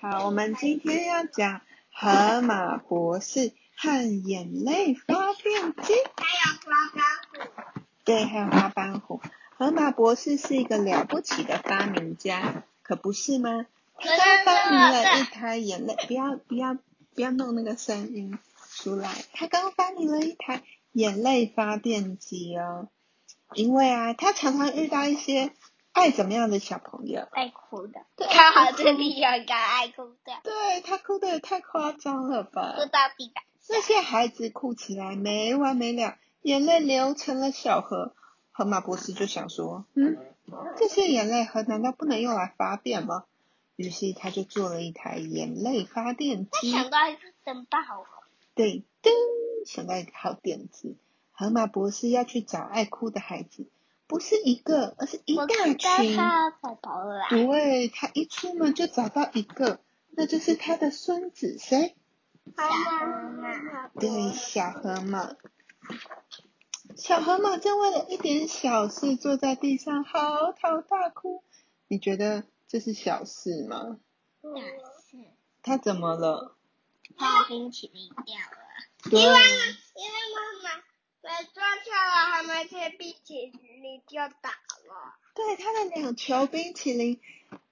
好，我們今天要講河馬博士和眼淚發電機。還有花斑虎。對，還有花斑虎。河馬博士是一個了不起的發明家，可不是嗎？他剛發明了一台眼淚，不要不要不要弄那個聲音出來。他剛發明了一台眼淚發電機哦，因為啊，他常常遇到一些。愛怎麼樣的小朋友？愛哭的，剛對好這裡有一個愛哭的。對，他哭得也太誇張了吧！不到地板。那些孩子哭起來沒完沒了，眼淚流成了小河。河馬博士就想說：“嗯，這些眼淚河難道不能用來發電嗎？”於是他就做了一台眼淚發電機。他想到一個真棒哦！對，噔，想到一個好點子。河馬博士要去找愛哭的孩子。不是一個，而是一大群。寶寶了啦。對，他一出門就找到一個，那就是他的孫子，誰？河馬。對，小河馬。小河馬正為了一點小事坐在地上嚎啕大哭。你覺得這是小事嗎？小事、嗯。他怎麼了？他的冰淇淋掉了。因為對，因為媽媽我撞起了還沒吃冰淇淋。要打了。對，他的兩球冰淇淋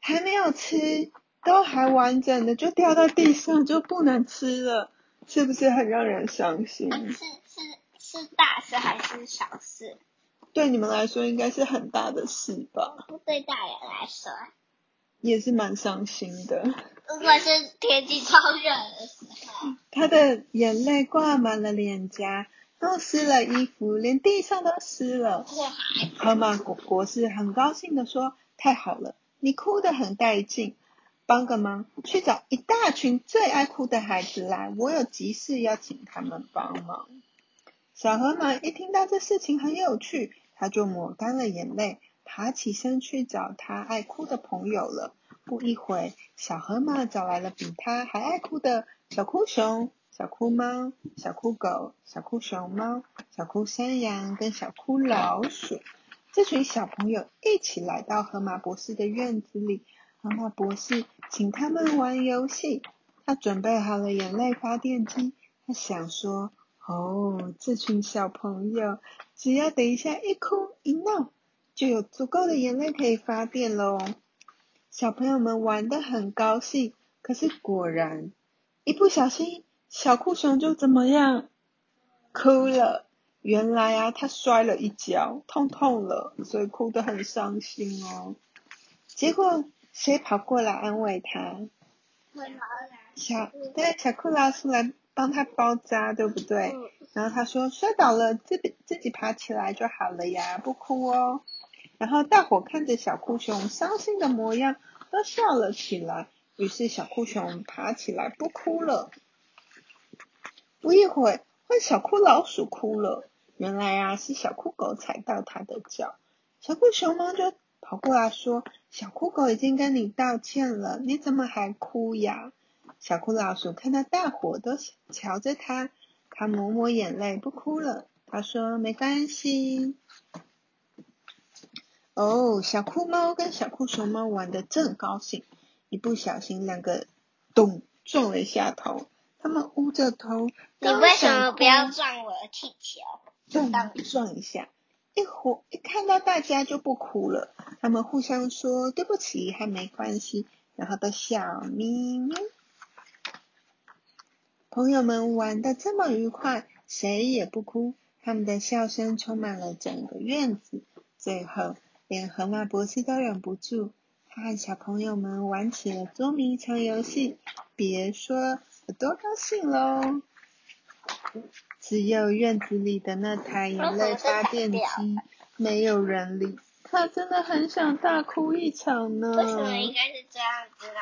還沒有吃， 都還完整的，就掉到地上，就不能吃了，是不是很讓人傷心？啊、是是是大事還是小事？對你們來說應該是很大的事吧？嗯、對大人來說，也是蠻傷心的。如果是天氣超熱的時候，他的眼淚掛滿了臉頰。然後濕了衣服，連地上都濕了。河馬博士很高興地說：“太好了，你哭得很帶勁。幫個忙，去找一大群最愛哭的孩子來，我有急事要請他們幫忙。”小河馬一聽到這事情很有趣，他就抹乾了眼淚，爬起身去找他愛哭的朋友了。不一會，小河馬找來了比他還愛哭的小哭熊。小哭貓、小哭狗、小哭熊貓、小哭山羊跟小哭老鼠，這群小朋友一起來到河馬博士的院子裡。河馬博士請他們玩遊戲，他準備好了眼淚發電機。他想說：“哦，這群小朋友只要等一下一哭一鬧，就有足夠的眼淚可以發電嘍。”小朋友們玩得很高興，可是果然一不小心。小酷熊就怎麼樣？哭了。原來啊，他摔了一跤，痛痛了，所以哭得很傷心哦。結果誰跑過來安慰他？啊、小對小酷老鼠來幫他包紮，對不對？嗯、然後他說：“摔倒了，自己自己爬起來就好了呀，不哭哦。”然後大夥看着小酷熊傷心的模樣，都笑了起來。於是小酷熊爬起來，不哭了。不一會兒，換小哭老鼠哭了。原來啊，是小哭狗踩到它的腳。小哭熊貓就跑過來說：“小哭狗已經跟你道歉了，你怎麼還哭呀？”小哭老鼠看到大夥都瞧着他，他抹抹眼淚，不哭了。他說：“沒關係。”哦，小哭貓跟小哭熊貓玩得正高興，一不小心兩個咚撞了一下頭。這頭，你為什麼不要撞我的氣球？撞撞一下，一會，一看到大家就不哭了。他們互相說對不起，還沒關係，然後都笑眯眯。朋友們玩得這麼愉快，誰也不哭。他們的笑聲充滿了整個院子，最後連河馬博士都忍不住，他和小朋友們玩起了捉迷藏遊戲。別說。我多高興嘍！只有院子裡的那台眼淚發電機沒有人理，他真的很想大哭一場呢。為什麼應該是這樣子的？